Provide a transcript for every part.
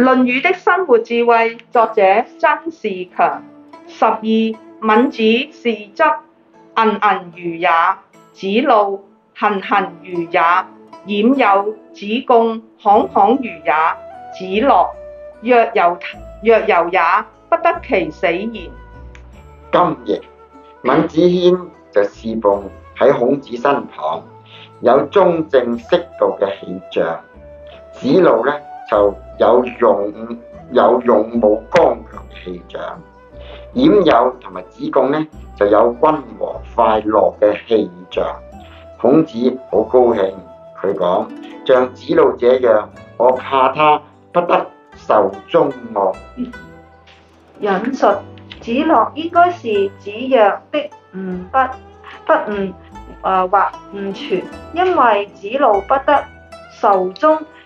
《論語》的生活智慧，作者曾仕強。十二，閔子侍側，誾誾如也；子路，行行如也；冉有，子貢，侃侃如也；子樂，若由，若由也，不得其死然。今日，閔子騫就侍奉喺孔子身旁，有忠正適度嘅氣象。子路咧。就有勇有勇武剛強嘅氣象，冉有同埋子貢呢就有溫和快樂嘅氣象。孔子好高興，佢講：像子路這樣，我怕他不得受中樂。引述子樂應該是子曰的唔不不誤啊、呃、或唔全，因為子路不得受中。」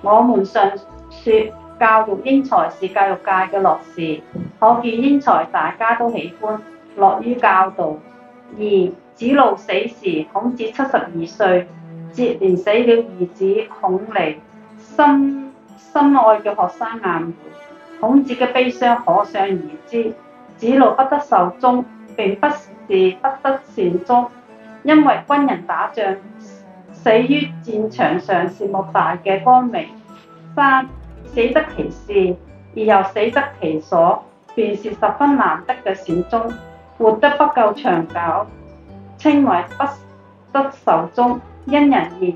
我們常説教育英才是教育界嘅樂事，可見英才大家都喜歡樂於教導。而子路死時，孔子七十二歲，接連死了兒子孔鯉，心心愛嘅學生顏回，孔子嘅悲傷可想而知。子路不得受終，並不是不得善終，因為軍人打仗。死於戰場上是莫大嘅光明。三死得其事，而又死得其所，便是十分難得嘅善終。活得不夠長久，稱為不得壽終，因人而異，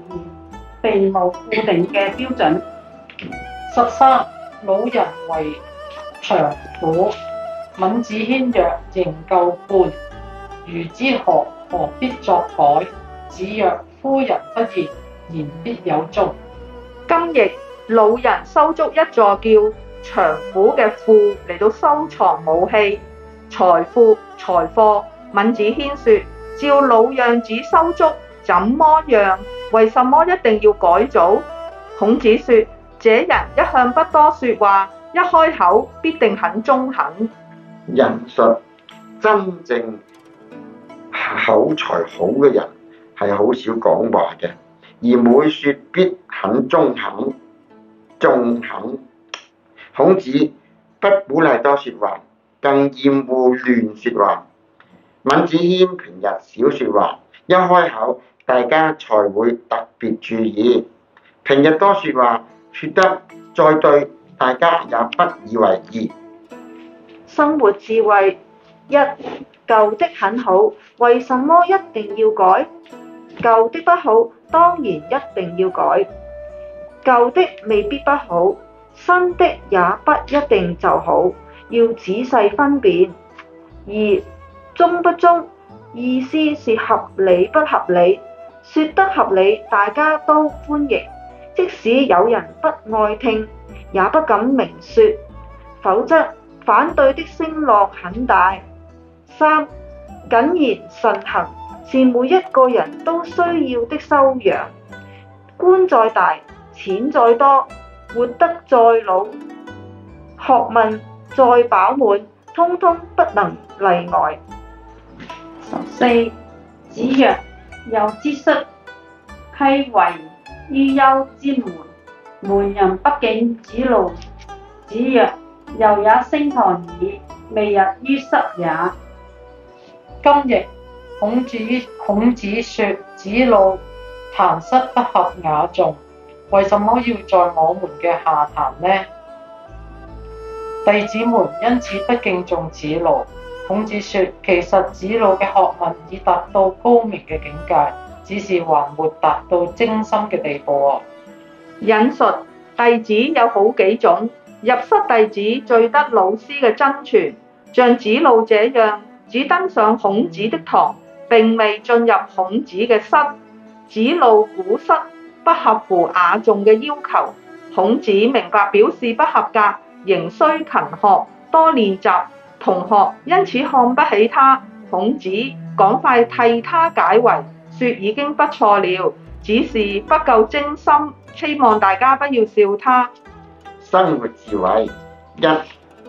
並無固定嘅標準。十三，魯人為長府。閔子騫曰：仍舊貫，如之何？何必作改？子曰。夫人不言，言必有中。今日老人收竹一座，叫長府嘅庫嚟到收藏武器、財富、財貨。閔子騫說：照老樣子收竹，怎麼樣？為什麼一定要改組？孔子說：這人一向不多說話，一開口必定很中肯。人術真正口才好嘅人。係好少講話嘅，而每說必肯中肯，仲肯。孔子不鼓勵多說話，更厭惡亂說話。閔子騫平日少說話，一開口大家才會特別注意。平日多說話，說得再對大家也不以為意。生活智慧，仍舊貫很好，為什麼一定要改？舊的不好，當然一定要改；舊的未必不好，新的也不一定就好，要仔細分辨。二，中不中，意思是合理不合理，說得合理大家都歡迎，即使有人不愛聽，也不敢明說，否則反對的聲浪很大。三。謹言慎行是每一個人都需要的修養。官再大，錢再多，活得再老，學問再飽滿，通通不能例外。十四，子曰：由之瑟奚為於丘之門。門人不敬子路。子曰：由也升堂矣，未入於室也。今日孔子孔子說，子路彈瑟不合雅頌，為什麼要在我們嘅下彈呢？弟子們因此不敬重子路。孔子說，其實子路嘅學問已達到高明嘅境界，只是還沒達到精深嘅地步啊。引述弟子有好幾種，入室弟子最得老師嘅真傳，像子路這樣。只登上孔子的堂，並未進入孔子嘅室，子路鼓瑟不合乎雅頌嘅要求。孔子明白表示不合格，仍需勤，勤學多練習。同學因此看不起他。孔子趕快替他解圍，說已經不錯了，只是不夠精心，希望大家不要笑他。生活智慧一，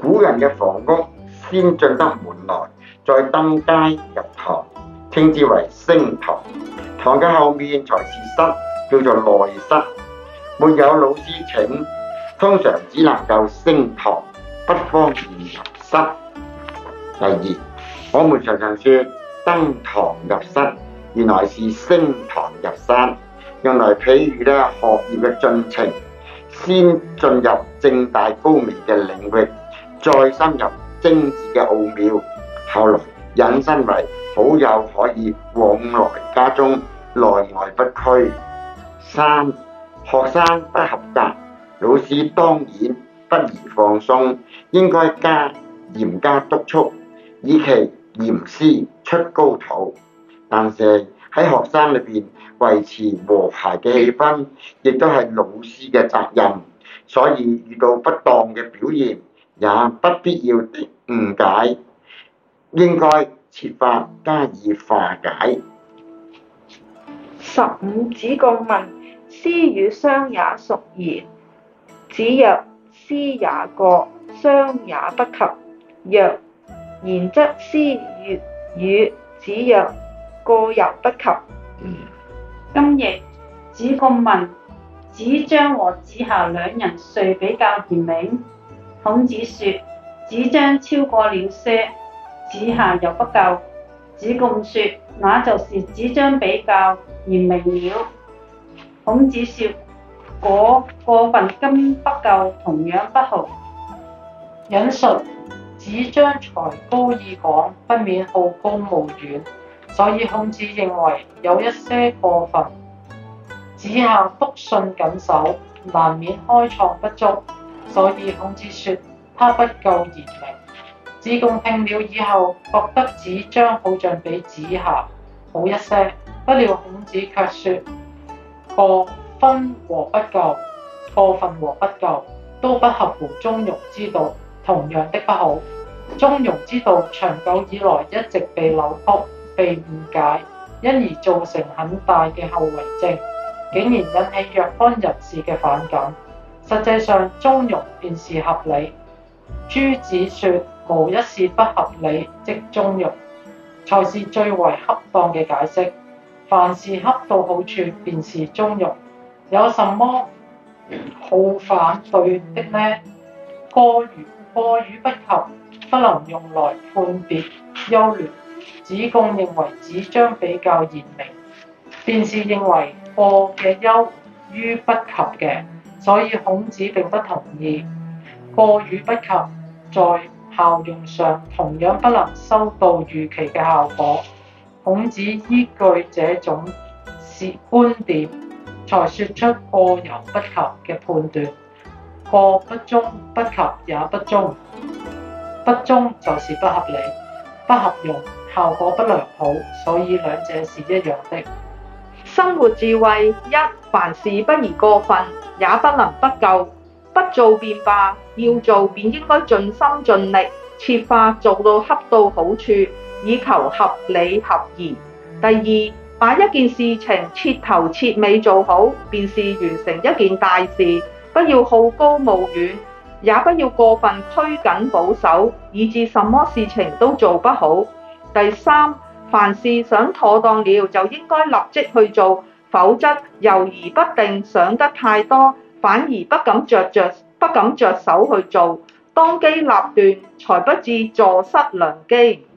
古人嘅房屋先進得門來。再登階入堂，稱之為升堂。堂嘅後面才是室，叫做內室。沒有老師請，通常只能夠升堂，不方便入室。第二，我們常常説登堂入室，原來是升堂入山。用來比喻咧學業嘅進程，先進入正大高明嘅領域，再深入精緻嘅奧妙。後來引申為好友可以往來家中，內外不拘。三、學生不合格，老師當然不宜放鬆，應該加嚴加督促，以其嚴師出高徒。但是喺學生裏邊維持和諧嘅氣氛，亦都係老師嘅責任。所以遇到不當嘅表現，也不必要的誤解。應該設法加以化解。十五，子貢問：師與商也孰賢？子曰：師也過，商也不及若。曰：然則師愈與？子曰：過猶不及。今譯，子貢問：子張和子夏兩人誰比較賢明？孔子說：子張超過了些。子夏又不夠，子貢說，那就是子張比較嚴明了。孔子說，過過分跟不夠，同樣不好。引述子張才高意廣，不免好高騖遠，所以孔子認為有一些過分。子夏篤信謹守，難免開創不足，所以孔子說他不夠嚴明。子貢聽了以後，覺得子張好像比子夏好一些。不料孔子卻說：過分和不夠，過分和不夠都不合乎中庸之道，同樣的不好。中庸之道長久以來一直被扭曲、被誤解，因而造成很大嘅後遺症，竟然引起若干人士嘅反感。實際上中庸便是合理。朱子說。無一事不合理，即中庸，才是最為恰當嘅解釋。凡事恰到好處，便是中庸。有什麼好反對的呢？過與過與不及，不能用來判別優劣。子貢認為子張比較嚴明，便是認為過嘅優於不及嘅，所以孔子並不同意。過與不及，在效用上同樣不能收到預期嘅效果。孔子依據這種是觀點，才説出過猶不及嘅判斷。過不中，不及也不中，不中就是不合理、不合用，效果不良好，所以兩者是一樣的。生活智慧一，凡事不宜過分，也不能不夠。不做便罷，要做便應該盡心盡力，設法做到恰到好處，以求合理合宜。第二，把一件事情徹頭徹尾做好，便是完成一件大事。不要好高騖遠，也不要過分拘謹保守，以致什麼事情都做不好。第三，凡事想妥當了，就應該立即去做，否則猶疑不定，想得太多。反而不敢著著，不敢着手去做，當機立斷，才不至坐失良機。